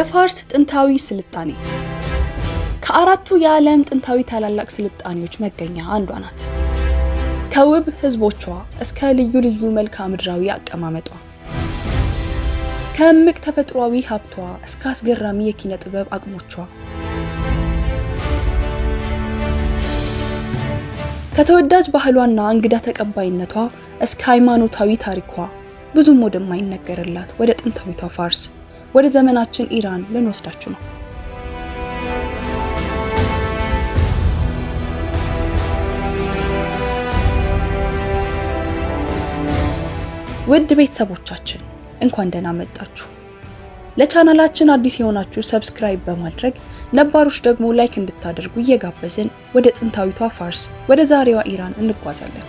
የፋርስ ጥንታዊ ስልጣኔ ከአራቱ የዓለም ጥንታዊ ታላላቅ ስልጣኔዎች መገኛ አንዷ ናት። ከውብ ህዝቦቿ እስከ ልዩ ልዩ መልክዓ ምድራዊ አቀማመጧ ከእምቅ ተፈጥሯዊ ሀብቷ እስከ አስገራሚ የኪነ ጥበብ አቅሞቿ ከተወዳጅ ባህሏና እንግዳ ተቀባይነቷ እስከ ሃይማኖታዊ ታሪኳ ብዙም ወደማይነገርላት ወደ ጥንታዊቷ ፋርስ ወደ ዘመናችን ኢራን ልንወስዳችሁ ነው። ውድ ቤተሰቦቻችን እንኳን ደህና መጣችሁ። ለቻናላችን አዲስ የሆናችሁ ሰብስክራይብ በማድረግ ነባሮች ደግሞ ላይክ እንድታደርጉ እየጋበዝን ወደ ጥንታዊቷ ፋርስ ወደ ዛሬዋ ኢራን እንጓዛለን።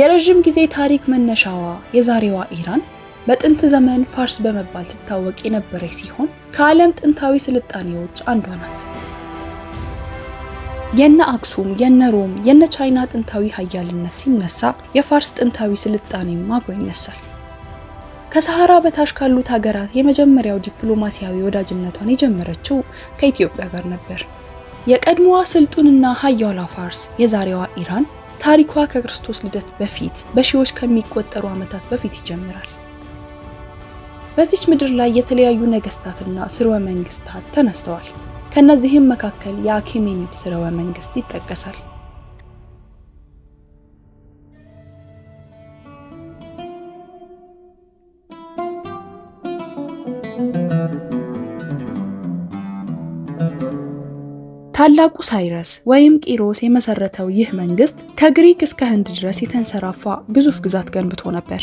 የረዥም ጊዜ ታሪክ መነሻዋ የዛሬዋ ኢራን በጥንት ዘመን ፋርስ በመባል ትታወቅ የነበረች ሲሆን ከዓለም ጥንታዊ ስልጣኔዎች አንዷ ናት። የነ አክሱም፣ የነ ሮም፣ የነ ቻይና ጥንታዊ ሀያልነት ሲነሳ የፋርስ ጥንታዊ ስልጣኔም አብሮ ይነሳል። ከሰሃራ በታች ካሉት ሀገራት የመጀመሪያው ዲፕሎማሲያዊ ወዳጅነቷን የጀመረችው ከኢትዮጵያ ጋር ነበር። የቀድሞዋ ስልጡንና ሀያላ ፋርስ የዛሬዋ ኢራን ታሪኳ ከክርስቶስ ልደት በፊት በሺዎች ከሚቆጠሩ ዓመታት በፊት ይጀምራል። በዚች ምድር ላይ የተለያዩ ነገስታትና ስርወ መንግስታት ተነስተዋል። ከነዚህም መካከል የአኬሜኒድ ስርወ መንግስት ይጠቀሳል። ታላቁ ሳይረስ ወይም ቂሮስ የመሰረተው ይህ መንግስት ከግሪክ እስከ ህንድ ድረስ የተንሰራፋ ግዙፍ ግዛት ገንብቶ ነበር።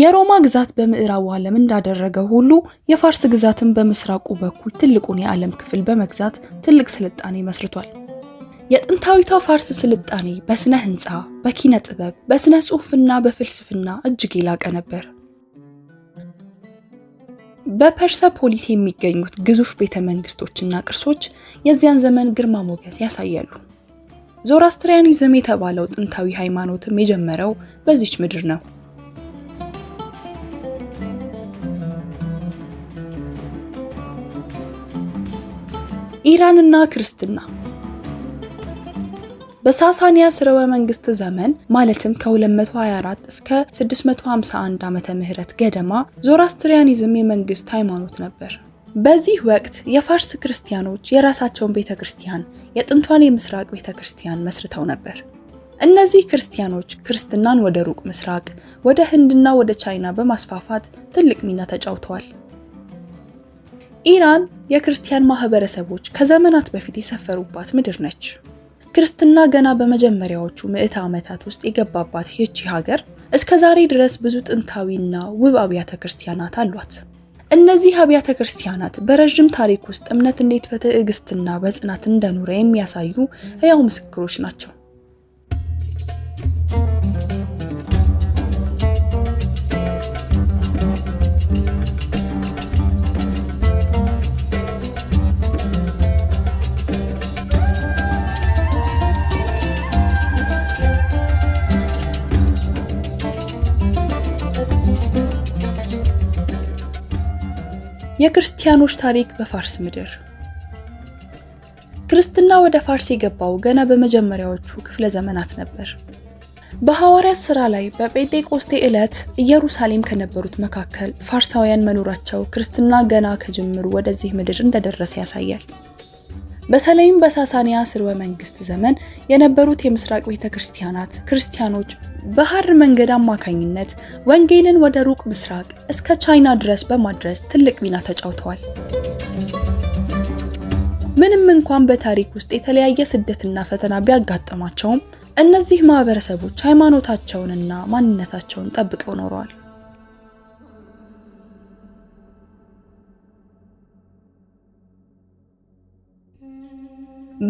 የሮማ ግዛት በምዕራቡ ዓለም እንዳደረገው ሁሉ የፋርስ ግዛትን በምስራቁ በኩል ትልቁን የዓለም ክፍል በመግዛት ትልቅ ስልጣኔ መስርቷል። የጥንታዊቷ ፋርስ ስልጣኔ በስነ ህንፃ፣ በኪነ ጥበብ፣ በስነ ጽሑፍና በፍልስፍና እጅግ የላቀ ነበር። በፐርሰፖሊስ የሚገኙት ግዙፍ ቤተ መንግስቶችና ቅርሶች የዚያን ዘመን ግርማ ሞገስ ያሳያሉ። ዞራስትሪያኒዝም የተባለው ጥንታዊ ሃይማኖትም የጀመረው በዚች ምድር ነው። ኢራንና ክርስትና በሳሳኒያ ስርወ መንግስት ዘመን ማለትም ከ224 እስከ 651 ዓመተ ምህረት ገደማ ዞራስትሪያኒዝም የመንግስት ሃይማኖት ነበር። በዚህ ወቅት የፋርስ ክርስቲያኖች የራሳቸውን ቤተ ክርስቲያን የጥንቷን የምስራቅ ቤተ ክርስቲያን መስርተው ነበር። እነዚህ ክርስቲያኖች ክርስትናን ወደ ሩቅ ምስራቅ፣ ወደ ህንድና ወደ ቻይና በማስፋፋት ትልቅ ሚና ተጫውተዋል። ኢራን የክርስቲያን ማህበረሰቦች ከዘመናት በፊት የሰፈሩባት ምድር ነች። ክርስትና ገና በመጀመሪያዎቹ ምዕተ ዓመታት ውስጥ የገባባት ይህቺ ሀገር እስከ ዛሬ ድረስ ብዙ ጥንታዊና ውብ አብያተ ክርስቲያናት አሏት። እነዚህ አብያተ ክርስቲያናት በረዥም ታሪክ ውስጥ እምነት እንዴት በትዕግስትና በጽናት እንደኖረ የሚያሳዩ ሕያው ምስክሮች ናቸው። የክርስቲያኖች ታሪክ በፋርስ ምድር ክርስትና ወደ ፋርስ የገባው ገና በመጀመሪያዎቹ ክፍለ ዘመናት ነበር። በሐዋርያት ሥራ ላይ በጴንጤቆስቴ ዕለት ኢየሩሳሌም ከነበሩት መካከል ፋርሳውያን መኖራቸው ክርስትና ገና ከጅምሩ ወደዚህ ምድር እንደደረሰ ያሳያል። በተለይም በሳሳንያ ስርወ መንግስት ዘመን የነበሩት የምስራቅ ቤተ ክርስቲያናት ክርስቲያኖች በሐር መንገድ አማካኝነት ወንጌልን ወደ ሩቅ ምስራቅ እስከ ቻይና ድረስ በማድረስ ትልቅ ሚና ተጫውተዋል። ምንም እንኳን በታሪክ ውስጥ የተለያየ ስደትና ፈተና ቢያጋጥማቸውም እነዚህ ማህበረሰቦች ሃይማኖታቸውንና ማንነታቸውን ጠብቀው ኖረዋል።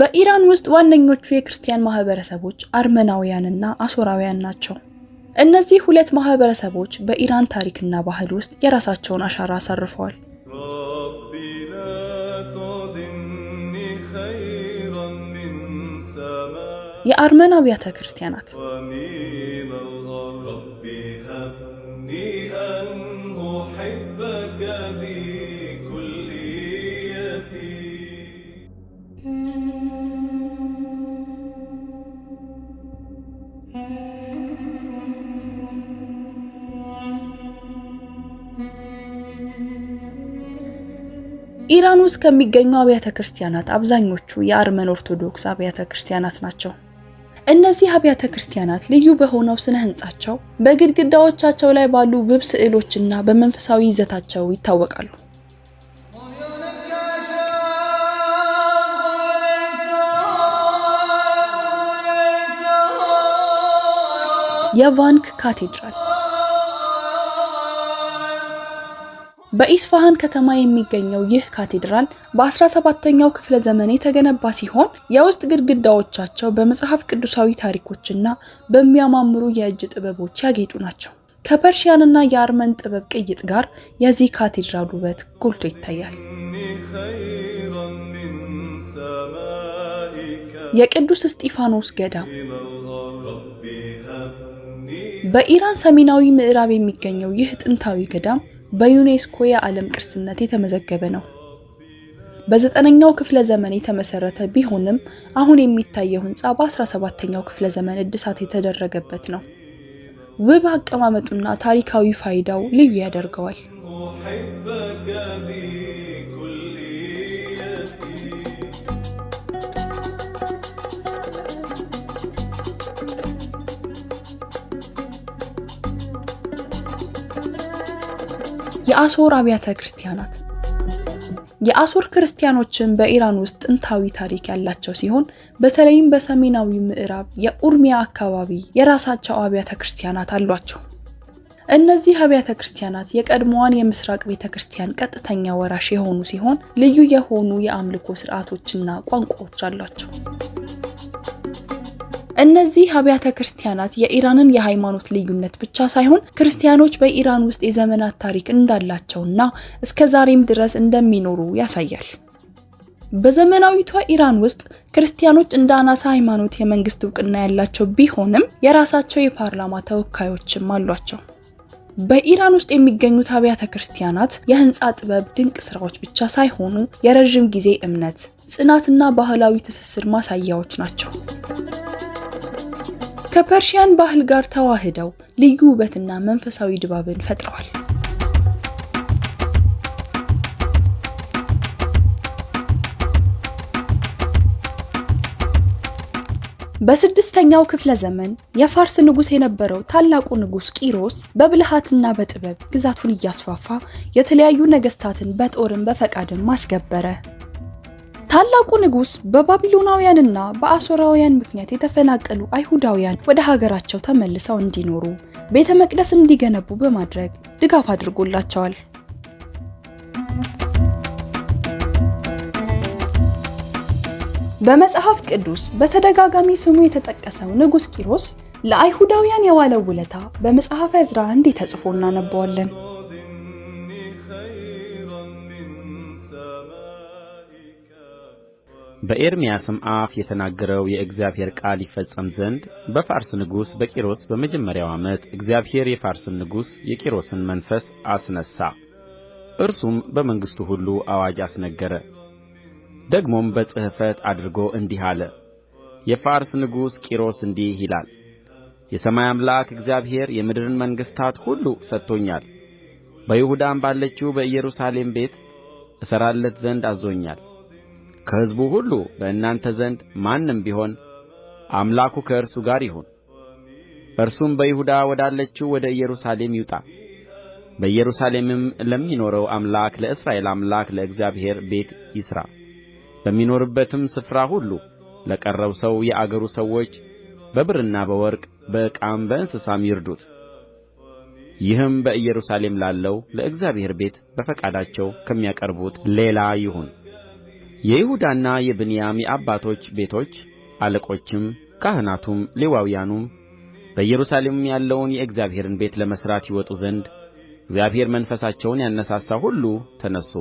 በኢራን ውስጥ ዋነኞቹ የክርስቲያን ማህበረሰቦች አርመናውያንና አሶራውያን ናቸው። እነዚህ ሁለት ማህበረሰቦች በኢራን ታሪክና ባህል ውስጥ የራሳቸውን አሻራ አሳርፈዋል። የአርመን አብያተ ክርስቲያናት ኢራን ውስጥ ከሚገኙ አብያተ ክርስቲያናት አብዛኞቹ የአርመን ኦርቶዶክስ አብያተ ክርስቲያናት ናቸው። እነዚህ አብያተ ክርስቲያናት ልዩ በሆነው ስነ ህንጻቸው፣ በግድግዳዎቻቸው ላይ ባሉ ውብ ስዕሎችና በመንፈሳዊ ይዘታቸው ይታወቃሉ። የቫንክ ካቴድራል በኢስፋሃን ከተማ የሚገኘው ይህ ካቴድራል በ17ኛው ክፍለ ዘመን የተገነባ ሲሆን የውስጥ ግድግዳዎቻቸው በመጽሐፍ ቅዱሳዊ ታሪኮችና በሚያማምሩ የእጅ ጥበቦች ያጌጡ ናቸው። ከፐርሺያንና የአርመን ጥበብ ቅይጥ ጋር የዚህ ካቴድራል ውበት ጎልቶ ይታያል። የቅዱስ እስጢፋኖስ ገዳም በኢራን ሰሜናዊ ምዕራብ የሚገኘው ይህ ጥንታዊ ገዳም በዩኔስኮ የዓለም ቅርስነት የተመዘገበ ነው። በዘጠነኛው ክፍለ ዘመን የተመሰረተ ቢሆንም አሁን የሚታየው ህንፃ በ17ኛው ክፍለ ዘመን እድሳት የተደረገበት ነው። ውብ አቀማመጡና ታሪካዊ ፋይዳው ልዩ ያደርገዋል። የአሶር አብያተ ክርስቲያናት የአሶር ክርስቲያኖችን በኢራን ውስጥ ጥንታዊ ታሪክ ያላቸው ሲሆን በተለይም በሰሜናዊ ምዕራብ የኡርሚያ አካባቢ የራሳቸው አብያተ ክርስቲያናት አሏቸው። እነዚህ አብያተ ክርስቲያናት የቀድሞዋን የምስራቅ ቤተ ክርስቲያን ቀጥተኛ ወራሽ የሆኑ ሲሆን ልዩ የሆኑ የአምልኮ ስርዓቶችና ቋንቋዎች አሏቸው። እነዚህ አብያተ ክርስቲያናት የኢራንን የሃይማኖት ልዩነት ብቻ ሳይሆን ክርስቲያኖች በኢራን ውስጥ የዘመናት ታሪክ እንዳላቸውና እስከ ዛሬም ድረስ እንደሚኖሩ ያሳያል። በዘመናዊቷ ኢራን ውስጥ ክርስቲያኖች እንደ አናሳ ሃይማኖት የመንግስት እውቅና ያላቸው ቢሆንም የራሳቸው የፓርላማ ተወካዮችም አሏቸው። በኢራን ውስጥ የሚገኙት አብያተ ክርስቲያናት የህንፃ ጥበብ ድንቅ ስራዎች ብቻ ሳይሆኑ የረዥም ጊዜ እምነት ጽናትና ባህላዊ ትስስር ማሳያዎች ናቸው። ከፐርሺያን ባህል ጋር ተዋህደው ልዩ ውበትና መንፈሳዊ ድባብን ፈጥረዋል። በስድስተኛው ክፍለ ዘመን የፋርስ ንጉስ የነበረው ታላቁ ንጉሥ ቂሮስ በብልሃትና በጥበብ ግዛቱን እያስፋፋ የተለያዩ ነገስታትን በጦርም በፈቃድም ማስገበረ። ታላቁ ንጉስ በባቢሎናውያንና በአሶራውያን ምክንያት የተፈናቀሉ አይሁዳውያን ወደ ሀገራቸው ተመልሰው እንዲኖሩ ቤተ መቅደስ እንዲገነቡ በማድረግ ድጋፍ አድርጎላቸዋል። በመጽሐፍ ቅዱስ በተደጋጋሚ ስሙ የተጠቀሰው ንጉስ ቂሮስ ለአይሁዳውያን የዋለው ውለታ በመጽሐፈ ዕዝራ እንዲህ ተጽፎ እናነበዋለን። በኤርምያስም አፍ የተናገረው የእግዚአብሔር ቃል ይፈጸም ዘንድ በፋርስ ንጉሥ በቂሮስ በመጀመሪያው ዓመት እግዚአብሔር የፋርስን ንጉሥ የቂሮስን መንፈስ አስነሣ። እርሱም በመንግሥቱ ሁሉ አዋጅ አስነገረ። ደግሞም በጽሕፈት አድርጎ እንዲህ አለ። የፋርስ ንጉሥ ቂሮስ እንዲህ ይላል፣ የሰማይ አምላክ እግዚአብሔር የምድርን መንግሥታት ሁሉ ሰጥቶኛል። በይሁዳም ባለችው በኢየሩሳሌም ቤት እሠራለት ዘንድ አዞኛል። ከሕዝቡ ሁሉ በእናንተ ዘንድ ማንም ቢሆን አምላኩ ከእርሱ ጋር ይሁን እርሱም በይሁዳ ወዳለችው ወደ ኢየሩሳሌም ይውጣ በኢየሩሳሌምም ለሚኖረው አምላክ ለእስራኤል አምላክ ለእግዚአብሔር ቤት ይሥራ በሚኖርበትም ስፍራ ሁሉ ለቀረው ሰው የአገሩ ሰዎች በብርና በወርቅ በዕቃም በእንስሳም ይርዱት። ይህም በኢየሩሳሌም ላለው ለእግዚአብሔር ቤት በፈቃዳቸው ከሚያቀርቡት ሌላ ይሁን። የይሁዳና የብንያም የአባቶች ቤቶች አለቆችም ካህናቱም ሌዋውያኑም በኢየሩሳሌምም ያለውን የእግዚአብሔርን ቤት ለመሥራት ይወጡ ዘንድ እግዚአብሔር መንፈሳቸውን ያነሣሣው ሁሉ ተነሡ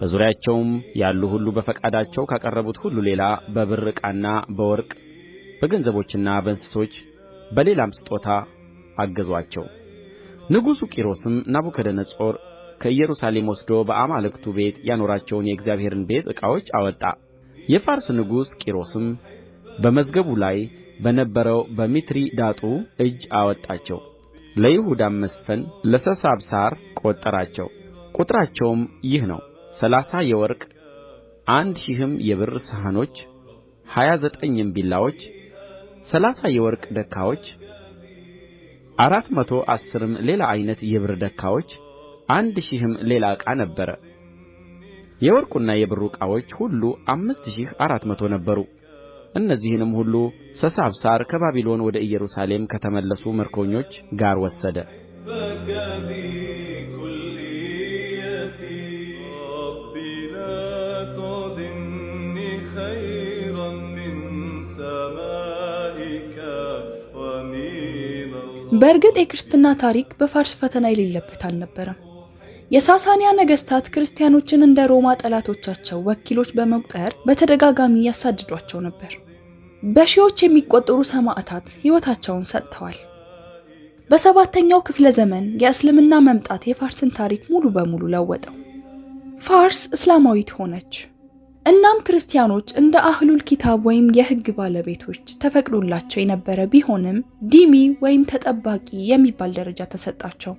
በዙሪያቸውም ያሉ ሁሉ በፈቃዳቸው ካቀረቡት ሁሉ ሌላ በብር ዕቃና በወርቅ በገንዘቦችና በእንስሶች በሌላም ስጦታ አገዙአቸው ንጉሡ ቂሮስም ናቡከደነፆር ከኢየሩሳሌም ወስዶ በአማልክቱ ቤት ያኖራቸውን የእግዚአብሔርን ቤት ዕቃዎች አወጣ የፋርስ ንጉሥ ቂሮስም በመዝገቡ ላይ በነበረው በሚትሪዳጡ እጅ አወጣቸው ለይሁዳም መስፍን ለሰሳብሳር ቈጠራቸው ቍጥራቸውም ይህ ነው ሰላሳ የወርቅ አንድ ሺህም የብር ሰሐኖች ሀያ ዘጠኝም ቢላዎች ሰላሳ የወርቅ ደካዎች አራት መቶ አሥርም ሌላ ዓይነት የብር ደካዎች አንድ ሺህም ሌላ ዕቃ ነበረ የወርቁና የብሩ ዕቃዎች ሁሉ አምስት ሺህ አራት መቶ ነበሩ እነዚህንም ሁሉ ሰሳብሳር ከባቢሎን ወደ ኢየሩሳሌም ከተመለሱ ምርኮኞች ጋር ወሰደ በእርግጥ የክርስትና ታሪክ በፋርስ ፈተና የሌለበት አልነበረም። የሳሳኒያ ነገስታት ክርስቲያኖችን እንደ ሮማ ጠላቶቻቸው ወኪሎች በመቁጠር በተደጋጋሚ ያሳድዷቸው ነበር። በሺዎች የሚቆጠሩ ሰማዕታት ሕይወታቸውን ሰጥተዋል። በሰባተኛው ክፍለ ዘመን የእስልምና መምጣት የፋርስን ታሪክ ሙሉ በሙሉ ለወጠው። ፋርስ እስላማዊት ሆነች። እናም ክርስቲያኖች እንደ አህሉል ኪታብ ወይም የህግ ባለቤቶች ተፈቅዶላቸው የነበረ ቢሆንም ዲሚ ወይም ተጠባቂ የሚባል ደረጃ ተሰጣቸው።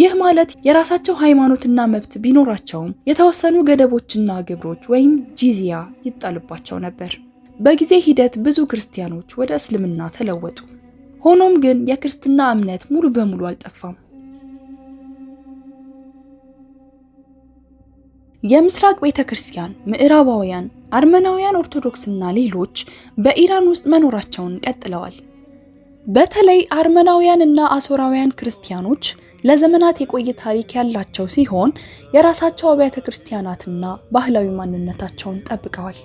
ይህ ማለት የራሳቸው ሃይማኖትና መብት ቢኖራቸውም የተወሰኑ ገደቦችና ግብሮች ወይም ጂዚያ ይጣልባቸው ነበር። በጊዜ ሂደት ብዙ ክርስቲያኖች ወደ እስልምና ተለወጡ። ሆኖም ግን የክርስትና እምነት ሙሉ በሙሉ አልጠፋም። የምስራቅ ቤተ ክርስቲያን ምዕራባውያን፣ አርመናውያን ኦርቶዶክስና ሌሎች በኢራን ውስጥ መኖራቸውን ቀጥለዋል። በተለይ አርመናውያንና አሶራውያን ክርስቲያኖች ለዘመናት የቆየ ታሪክ ያላቸው ሲሆን የራሳቸው አብያተ ክርስቲያናትና ባህላዊ ማንነታቸውን ጠብቀዋል።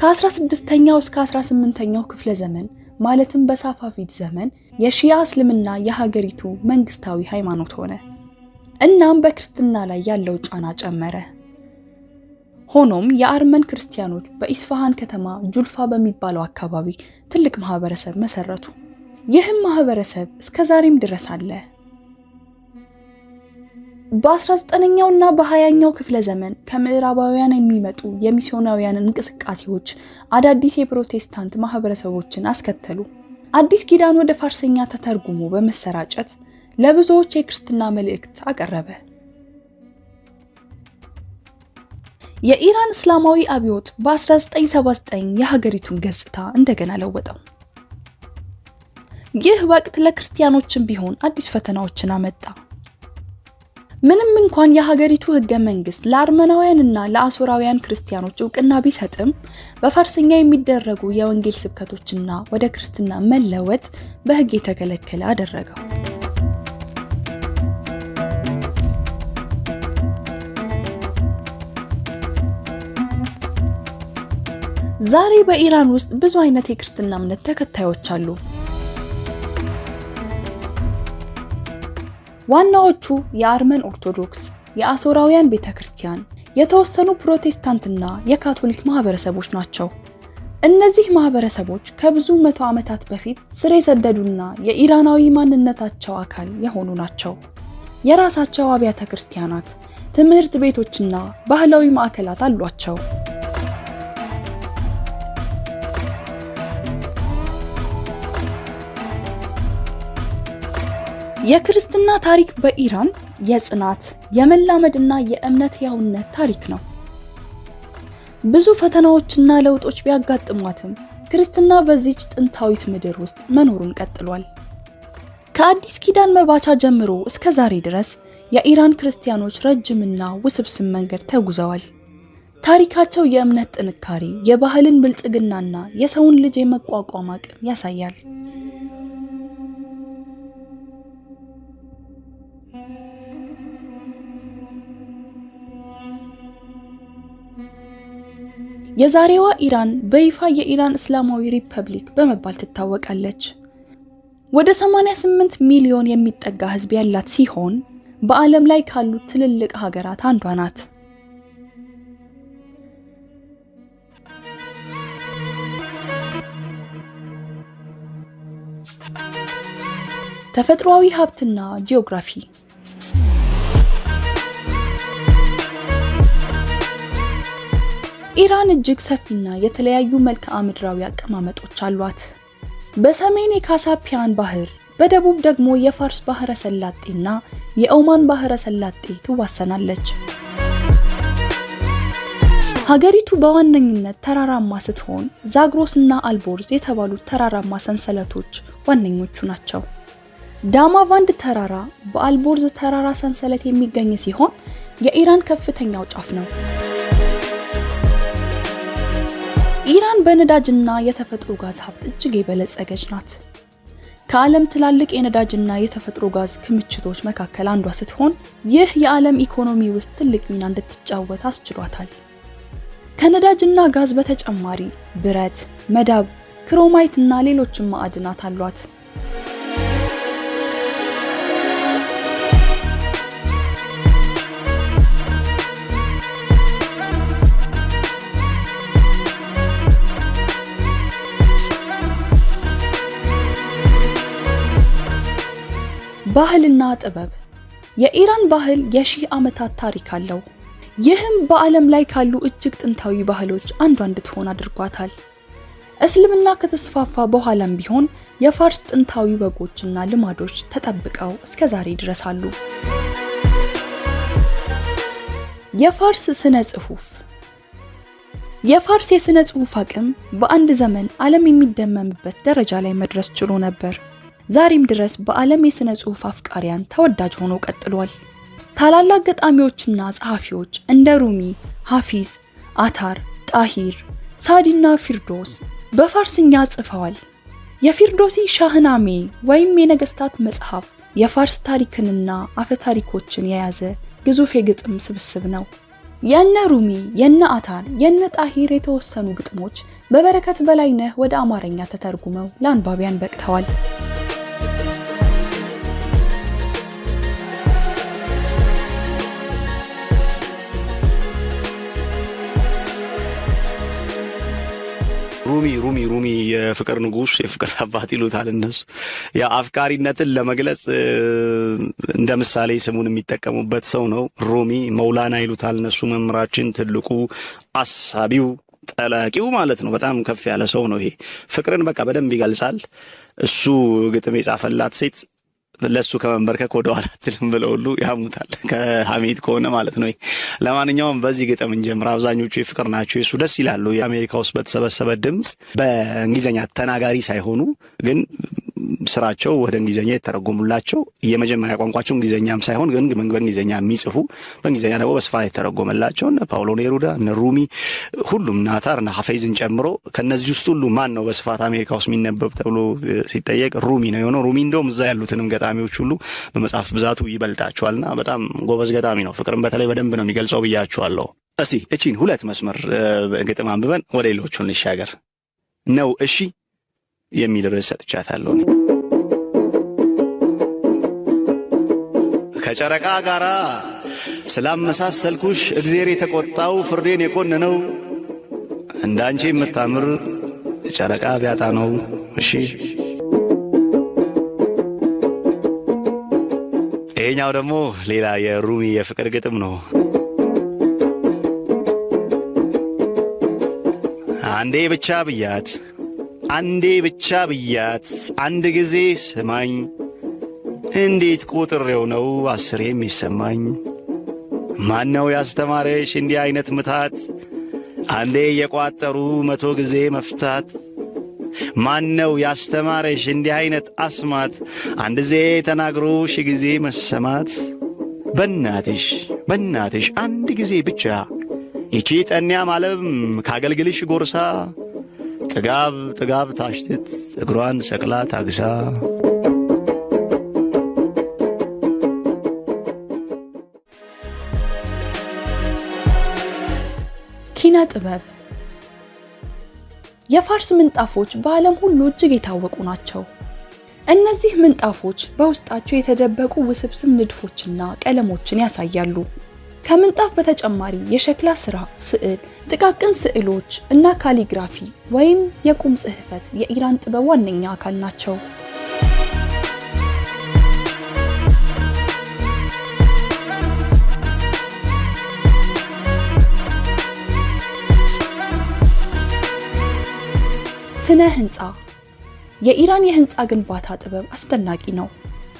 ከ16ኛው እስከ 18ኛው ክፍለ ዘመን ማለትም በሳፋፊድ ዘመን የሺያ እስልምና የሀገሪቱ መንግስታዊ ሃይማኖት ሆነ። እናም በክርስትና ላይ ያለው ጫና ጨመረ። ሆኖም የአርመን ክርስቲያኖች በኢስፋሃን ከተማ ጁልፋ በሚባለው አካባቢ ትልቅ ማህበረሰብ መሰረቱ። ይህም ማህበረሰብ እስከ ዛሬም ድረስ አለ። በ19ኛው እና በ20ኛው ክፍለ ዘመን ከምዕራባውያን የሚመጡ የሚስዮናውያን እንቅስቃሴዎች አዳዲስ የፕሮቴስታንት ማህበረሰቦችን አስከተሉ። አዲስ ኪዳን ወደ ፋርሰኛ ተተርጉሞ በመሰራጨት ለብዙዎች የክርስትና መልእክት አቀረበ። የኢራን እስላማዊ አብዮት በ1979 የሀገሪቱን ገጽታ እንደገና ለወጠው። ይህ ወቅት ለክርስቲያኖችም ቢሆን አዲስ ፈተናዎችን አመጣ። ምንም እንኳን የሀገሪቱ ህገ መንግስት ለአርመናውያንና ለአሶራውያን ክርስቲያኖች እውቅና ቢሰጥም በፋርስኛ የሚደረጉ የወንጌል ስብከቶችና ወደ ክርስትና መለወጥ በህግ የተከለከለ አደረገው። ዛሬ በኢራን ውስጥ ብዙ አይነት የክርስትና እምነት ተከታዮች አሉ። ዋናዎቹ የአርመን ኦርቶዶክስ፣ የአሶራውያን ቤተ ክርስቲያን፣ የተወሰኑ ፕሮቴስታንትና የካቶሊክ ማህበረሰቦች ናቸው። እነዚህ ማህበረሰቦች ከብዙ መቶ ዓመታት በፊት ስር የሰደዱና የኢራናዊ ማንነታቸው አካል የሆኑ ናቸው። የራሳቸው አብያተ ክርስቲያናት፣ ትምህርት ቤቶችና ባህላዊ ማዕከላት አሏቸው። የክርስትና ታሪክ በኢራን የጽናት የመላመድና የእምነት ያውነት ታሪክ ነው። ብዙ ፈተናዎችና ለውጦች ቢያጋጥሟትም ክርስትና በዚች ጥንታዊት ምድር ውስጥ መኖሩን ቀጥሏል። ከአዲስ ኪዳን መባቻ ጀምሮ እስከ ዛሬ ድረስ የኢራን ክርስቲያኖች ረጅምና ውስብስብ መንገድ ተጉዘዋል። ታሪካቸው የእምነት ጥንካሬ፣ የባህልን ብልጽግናና የሰውን ልጅ የመቋቋም አቅም ያሳያል። የዛሬዋ ኢራን በይፋ የኢራን እስላማዊ ሪፐብሊክ በመባል ትታወቃለች። ወደ 88 ሚሊዮን የሚጠጋ ህዝብ ያላት ሲሆን በዓለም ላይ ካሉ ትልልቅ ሀገራት አንዷ ናት። ተፈጥሯዊ ሀብትና ጂኦግራፊ ኢራን እጅግ ሰፊና የተለያዩ መልክዓ ምድራዊ አቀማመጦች አሏት። በሰሜን የካሳፒያን ባህር፣ በደቡብ ደግሞ የፋርስ ባህረ ሰላጤና የኦማን ባህረ ሰላጤ ትዋሰናለች። ሀገሪቱ በዋነኝነት ተራራማ ስትሆን ዛግሮስና አልቦርዝ የተባሉት ተራራማ ሰንሰለቶች ዋነኞቹ ናቸው። ዳማቫንድ ተራራ በአልቦርዝ ተራራ ሰንሰለት የሚገኝ ሲሆን የኢራን ከፍተኛው ጫፍ ነው። ኢራን በነዳጅና የተፈጥሮ ጋዝ ሀብት እጅግ የበለጸገች ናት። ከዓለም ትላልቅ የነዳጅና የተፈጥሮ ጋዝ ክምችቶች መካከል አንዷ ስትሆን ይህ የዓለም ኢኮኖሚ ውስጥ ትልቅ ሚና እንድትጫወት አስችሏታል። ከነዳጅና ጋዝ በተጨማሪ ብረት፣ መዳብ፣ ክሮማይትና ሌሎችም ማዕድናት አሏት። ባህልና ጥበብ የኢራን ባህል የሺህ ዓመታት ታሪክ አለው። ይህም በዓለም ላይ ካሉ እጅግ ጥንታዊ ባህሎች አንዷ እንድትሆን አድርጓታል። እስልምና ከተስፋፋ በኋላም ቢሆን የፋርስ ጥንታዊ ወጎችና ልማዶች ተጠብቀው እስከ ዛሬ ድረስ አሉ። የፋርስ ስነ ጽሁፍ የፋርስ የስነ ጽሁፍ አቅም በአንድ ዘመን ዓለም የሚደመምበት ደረጃ ላይ መድረስ ችሎ ነበር። ዛሬም ድረስ በዓለም የሥነ ጽሑፍ አፍቃሪያን ተወዳጅ ሆኖ ቀጥሏል። ታላላቅ ገጣሚዎችና ጸሐፊዎች እንደ ሩሚ፣ ሐፊዝ፣ አታር፣ ጣሂር፣ ሳዲና ፊርዶስ በፋርስኛ ጽፈዋል። የፊርዶሲ ሻህናሜ ወይም የነገስታት መጽሐፍ የፋርስ ታሪክንና አፈ ታሪኮችን የያዘ ግዙፍ የግጥም ስብስብ ነው። የነ ሩሚ፣ የነ አታር፣ የነ ጣሂር የተወሰኑ ግጥሞች በበረከት በላይነህ ወደ አማርኛ ተተርጉመው ለአንባቢያን በቅተዋል። ሩሚ ሩሚ ሩሚ የፍቅር ንጉስ የፍቅር አባት ይሉታል እነሱ። ያ አፍቃሪነትን ለመግለጽ እንደ ምሳሌ ስሙን የሚጠቀሙበት ሰው ነው። ሩሚ መውላና ይሉታል እነሱ። መምህራችን ትልቁ አሳቢው ጠላቂው ማለት ነው። በጣም ከፍ ያለ ሰው ነው። ይሄ ፍቅርን በቃ በደንብ ይገልጻል። እሱ ግጥም የጻፈላት ሴት ለሱ ከመንበርከክ ወደ ኋላ ትልም ብለው ሁሉ ያሙታል፣ ከሐሜት ከሆነ ማለት ነው። ለማንኛውም በዚህ ግጥም እንጀምር። አብዛኞቹ የፍቅር ናቸው፣ የሱ ደስ ይላሉ። የአሜሪካ ውስጥ በተሰበሰበ ድምፅ በእንግሊዝኛ ተናጋሪ ሳይሆኑ ግን ስራቸው ወደ እንግሊዝኛ የተረጎሙላቸው የመጀመሪያ ቋንቋቸው እንግሊዝኛም ሳይሆን ግን በእንግሊዝኛ የሚጽፉ በእንግሊዝኛ ደግሞ በስፋት የተረጎመላቸው እነ ፓውሎ ኔሩዳ እነ ሩሚ ሁሉም ናታር እነ ሀፌዝን ጨምሮ ከነዚህ ውስጥ ሁሉ ማን ነው በስፋት አሜሪካ ውስጥ የሚነበብ ተብሎ ሲጠየቅ ሩሚ ነው የሆነው። ሩሚ እንደውም እዛ ያሉትንም ገጣሚዎች ሁሉ በመጽሐፍ ብዛቱ ይበልጣቸዋልና በጣም ጎበዝ ገጣሚ ነው። ፍቅርም በተለይ በደንብ ነው የሚገልጸው ብያቸዋለሁ። እስቲ እቺን ሁለት መስመር ግጥም አንብበን ወደ ሌሎቹ እንሻገር ነው እሺ። የሚል ርዕስ ሰጥቻታለሁ። ከጨረቃ ጋር ስላመሳሰልኩሽ እግዜር የተቆጣው ፍርዴን የኮነነው እንዳንቺ የምታምር ጨረቃ ቢያጣ ነው። እሺ ይሄኛው ደግሞ ሌላ የሩሚ የፍቅር ግጥም ነው። አንዴ ብቻ ብያት አንዴ ብቻ ብያት አንድ ጊዜ ስማኝ፣ እንዴት ቁጥሬው ነው አስሬ የሚሰማኝ? ነው ያስተማረሽ እንዲህ አይነት ምታት? አንዴ የቋጠሩ መቶ ጊዜ መፍታት። ማነው ያስተማረሽ እንዲህ አይነት አስማት? አንድ ጊዜ ተናግሮ ሺ ጊዜ መሰማት። በናትሽ በናትሽ አንድ ጊዜ ብቻ ይቺ ጠንያም ማለም ካገልግልሽ ጎርሳ ጥጋብ ጥጋብ ታሽትት እግሯን ሰቅላ ታግሳ ኪነ ጥበብ የፋርስ ምንጣፎች በዓለም ሁሉ እጅግ የታወቁ ናቸው። እነዚህ ምንጣፎች በውስጣቸው የተደበቁ ውስብስብ ንድፎችና ቀለሞችን ያሳያሉ። ከምንጣፍ በተጨማሪ የሸክላ ስራ፣ ስዕል፣ ጥቃቅን ስዕሎች እና ካሊግራፊ ወይም የቁም ጽህፈት የኢራን ጥበብ ዋነኛ አካል ናቸው። ስነ ህንፃ የኢራን የህንፃ ግንባታ ጥበብ አስደናቂ ነው።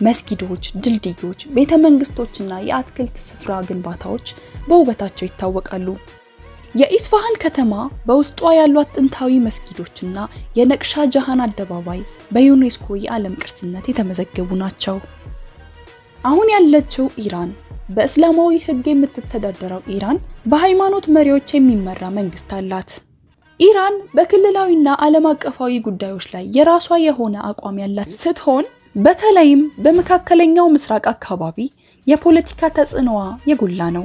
መስጊዶች፣ ድልድዮች፣ ቤተ መንግስቶችና የአትክልት ስፍራ ግንባታዎች በውበታቸው ይታወቃሉ። የኢስፋሃን ከተማ በውስጧ ያሏት ጥንታዊ መስጊዶችና የነቅሻ ጃሃን አደባባይ በዩኔስኮ የዓለም ቅርስነት የተመዘገቡ ናቸው። አሁን ያለችው ኢራን በእስላማዊ ሕግ የምትተዳደረው ኢራን በሃይማኖት መሪዎች የሚመራ መንግስት አላት። ኢራን በክልላዊና ዓለም አቀፋዊ ጉዳዮች ላይ የራሷ የሆነ አቋም ያላት ስትሆን በተለይም በመካከለኛው ምስራቅ አካባቢ የፖለቲካ ተጽዕኖዋ የጎላ ነው።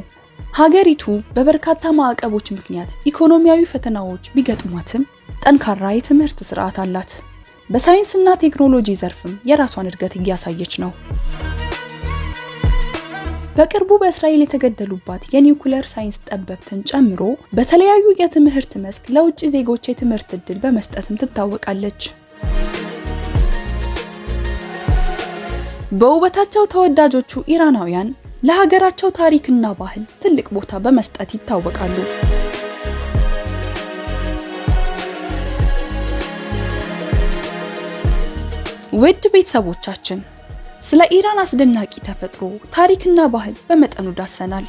ሀገሪቱ በበርካታ ማዕቀቦች ምክንያት ኢኮኖሚያዊ ፈተናዎች ቢገጥሟትም ጠንካራ የትምህርት ስርዓት አላት። በሳይንስና ቴክኖሎጂ ዘርፍም የራሷን እድገት እያሳየች ነው። በቅርቡ በእስራኤል የተገደሉባት የኒውክለር ሳይንስ ጠበብትን ጨምሮ በተለያዩ የትምህርት መስክ ለውጭ ዜጎች የትምህርት እድል በመስጠትም ትታወቃለች። በውበታቸው ተወዳጆቹ ኢራናውያን ለሀገራቸው ታሪክና ባህል ትልቅ ቦታ በመስጠት ይታወቃሉ። ውድ ቤተሰቦቻችን ስለ ኢራን አስደናቂ ተፈጥሮ ታሪክና ባህል በመጠኑ ዳሰናል።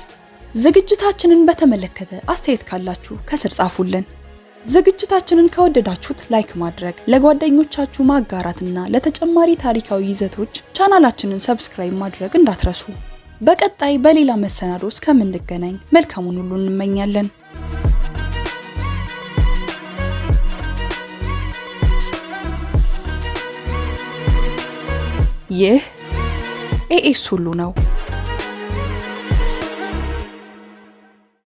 ዝግጅታችንን በተመለከተ አስተያየት ካላችሁ ከስር ጻፉልን። ዝግጅታችንን ከወደዳችሁት ላይክ ማድረግ፣ ለጓደኞቻችሁ ማጋራትና ለተጨማሪ ታሪካዊ ይዘቶች ቻናላችንን ሰብስክራይብ ማድረግ እንዳትረሱ። በቀጣይ በሌላ መሰናዶ እስከምንገናኝ መልካሙን ሁሉ እንመኛለን። ይህ ኤኤስ ሁሉ ነው።